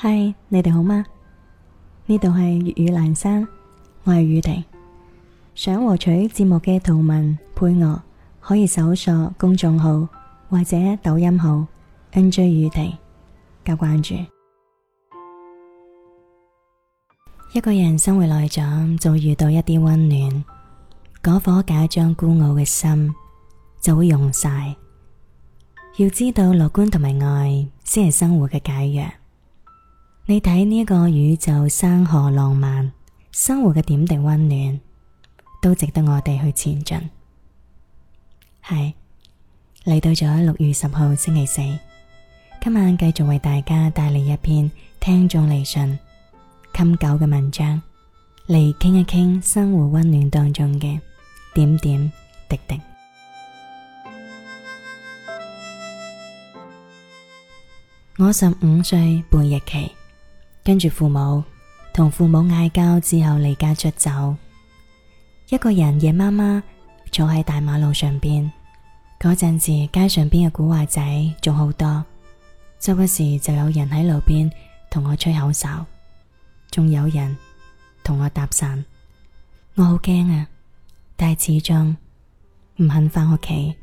嗨，Hi, 你哋好嗎？呢度係粵語闌珊，我係宇婷。想獲取節目嘅圖文配樂，可以搜索公眾號或者抖音號 NJ 宇婷加關注。一個人生活耐咗，就遇到一啲溫暖，嗰顆假裝孤傲嘅心就會溶晒。要知道樂觀同埋愛先係生活嘅解藥。你睇呢一個宇宙，山河浪漫，生活嘅點滴溫暖，都值得我哋去前進。係嚟到咗六月十號星期四，今晚繼續為大家帶嚟一篇聽眾嚟信衾九嘅文章嚟傾一傾生活溫暖當中嘅點點滴滴。我十五歲叛逆期。跟住父母同父母嗌交之後離家出走，一個人夜媽媽坐喺大馬路上邊嗰陣時，街上邊嘅古惑仔仲好多，周不時就有人喺路邊同我吹口哨，仲有人同我搭訕，我好驚啊！但係始終唔肯返屋企。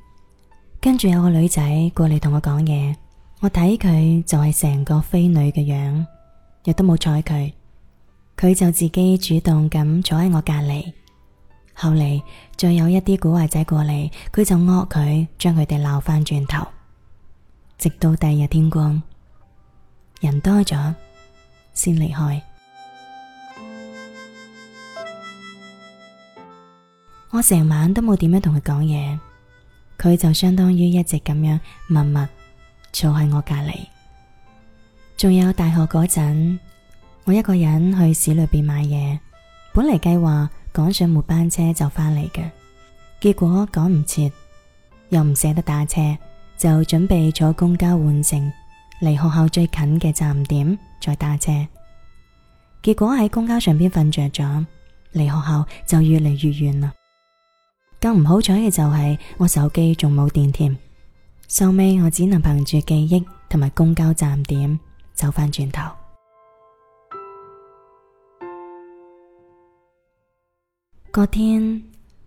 跟住有個女仔過嚟同我講嘢，我睇佢就係成個飛女嘅樣。亦都冇睬佢，佢就自己主動咁坐喺我隔籬。後嚟再有一啲古惑仔過嚟，佢就惡佢，將佢哋鬧翻轉頭，直到第二日天，天光，人多咗先離開。 我成晚都冇點樣同佢講嘢，佢就相當於一直咁樣默默坐喺我隔籬。仲有大學嗰陣，我一個人去市裏邊買嘢，本嚟計劃趕上末班車就返嚟嘅，結果趕唔切，又唔捨得打車，就準備坐公交換乘離學校最近嘅站點再打車。結果喺公交上邊瞓着咗，離學校就越嚟越遠啦。更唔好彩嘅就係我手機仲冇電添，收尾我只能憑住記憶同埋公交站點。走翻轉頭，個天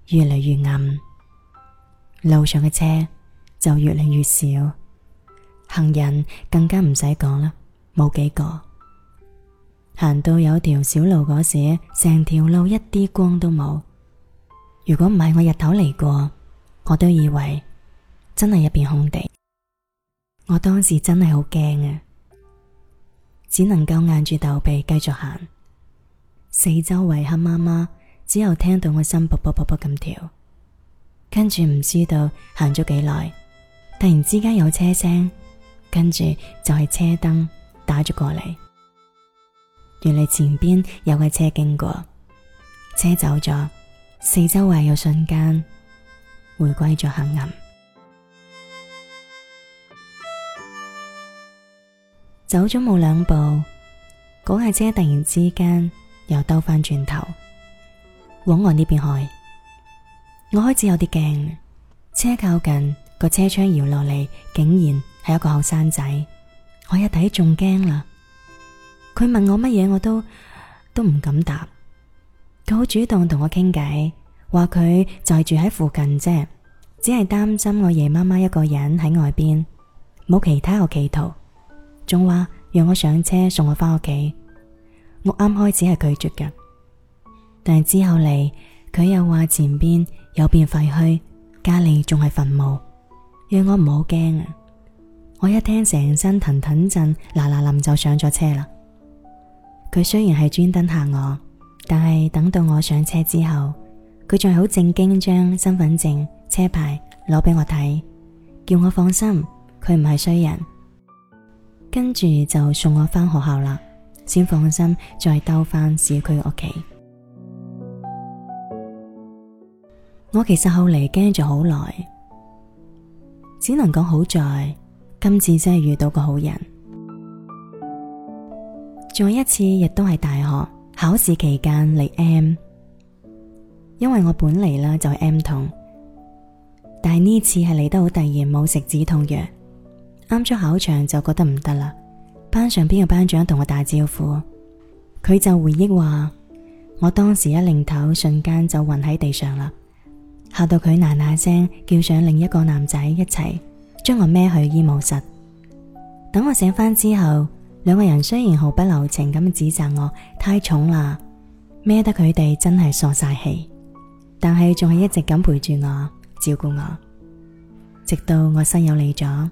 越嚟越暗，路上嘅車就越嚟越少，行人更加唔使講啦，冇幾個。行到有條小路嗰時，成條路一啲光都冇。如果唔係我日頭嚟過，我都以為真係一片空地。我當時真係好驚啊！只能夠硬住頭皮繼續行，四周圍黑媽媽，只有聽到我心卜卜卜卜咁跳，跟住唔知道行咗幾耐，突然之間有車聲，跟住就係車燈打咗過嚟，原來前邊有架車經過，車走咗，四周圍有瞬間回歸咗黑暗。走咗冇兩步，嗰、那、架、個、車突然之間又兜翻轉頭往我呢邊去。我開始有啲驚。車靠近個車窗搖落嚟，竟然係一個後生仔，我一睇仲驚啦。佢問我乜嘢我都都唔敢答，佢好主動同我傾偈，話佢就係住喺附近啫，只係擔心我夜媽媽一個人喺外邊冇其他嘅企圖。仲話讓我上車送我返屋企，我啱開始係拒絕嘅，但係之後嚟佢又話前邊有片廢墟，隔籬仲係墳墓，讓我唔好驚啊！我一聽成身騰騰震，嗱嗱冧就上咗車啦。佢雖然係專登吓我，但係等到我上車之後，佢仲係好正經將身份證、車牌攞俾我睇，叫我放心，佢唔係衰人。跟住就送我翻學校啦，先放心再兜翻市區屋企。我其實後嚟驚咗好耐，只能講好在今次真係遇到個好人。再一次亦都係大學考試期間嚟 M，因為我本嚟咧就係 M 痛，但係呢次係嚟得好突然，冇食止痛藥。啱出考場就覺得唔得啦。班上邊個班長同我打招呼，佢就回憶話：我當時一擰頭，瞬間就暈喺地上啦，嚇到佢嗱嗱聲叫上另一個男仔一齊將我孭去醫務室。等我醒翻之後，兩個人雖然毫不留情咁指責我太重啦，孭得佢哋真係傻晒氣，但係仲係一直咁陪住我，照顧我，直到我室友嚟咗。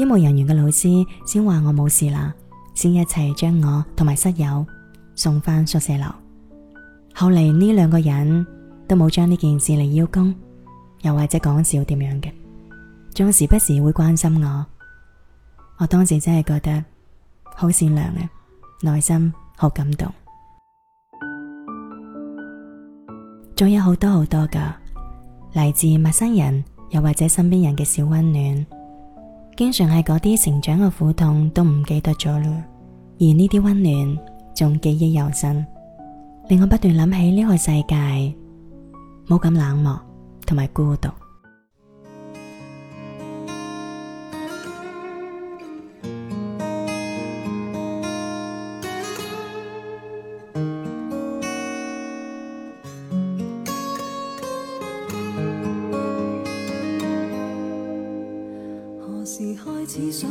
醫務人員嘅老師先話我冇事啦，先一齊將我同埋室友送翻宿舍樓。後嚟呢兩個人都冇將呢件事嚟邀功，又或者講笑點樣嘅，仲時不時會關心我。我當時真係覺得好善良啊，內心好感動。仲有好多好多噶，嚟自陌生人又或者身邊人嘅小溫暖。經常係嗰啲成長嘅苦痛都唔記得咗啦，而呢啲溫暖仲記憶猶新，令我不斷諗起呢個世界，冇咁冷漠同埋孤獨。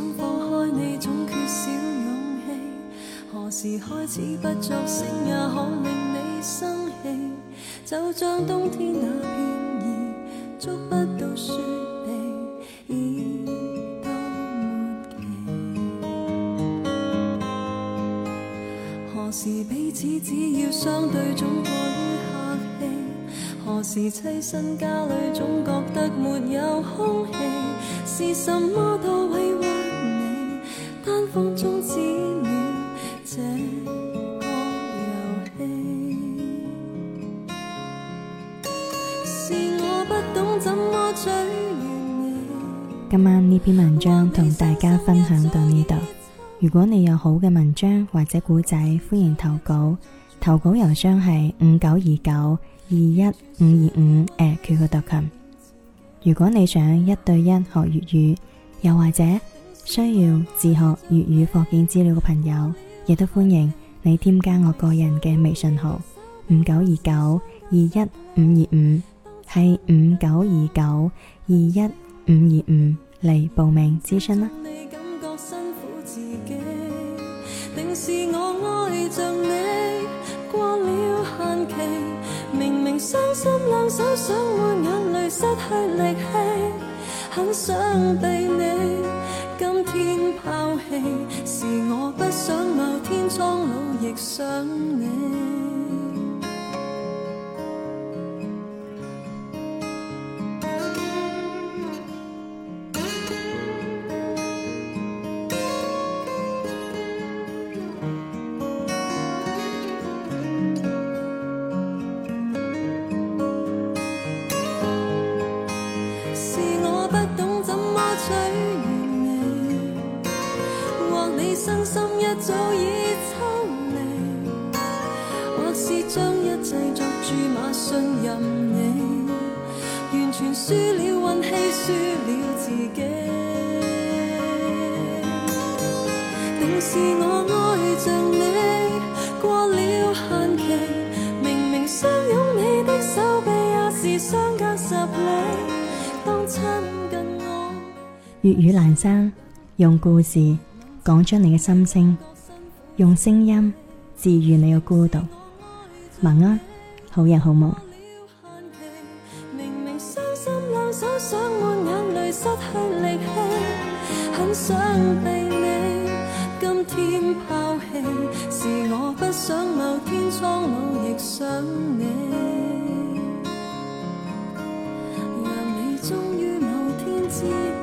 想放開你，總缺少勇氣。何時開始不作聲也可令你生氣？就像冬天那片葉，觸不到雪地，已到末期。何時彼此只要相對，總過於客氣？何時棲身家裏總覺得沒有空氣？是什麼都為？今晚呢篇文章同大家分享到呢度。如果你有好嘅文章或者古仔，歡迎投稿。投稿郵箱係五九二九二一五二五 @qq.com。如果你想一對一學粵語，又或者，需要自學粵語課件資料嘅朋友，亦都歡迎你添加我個人嘅微信號五九二九二一五二五，係五九二九二一五二五嚟報名諮詢啦。 你你。你。感覺辛苦自己，定是我愛着你過了限期，明明傷心兩手，想抹眼淚失去力氣很今天拋棄，是我不想某天蒼老，亦想你。全輸了運氣，輸了自己。時我愛着你。過了限期，明明相擁，你的手臂也是相隔十里。當親近我，粵語闌珊，用故事講出你嘅心聲，用聲音治愈你嘅孤獨。晚安，好人好夢。蒼老亦想你，讓你終於某天知。